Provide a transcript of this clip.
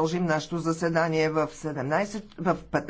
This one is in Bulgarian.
продължим нашето заседание в, 17, в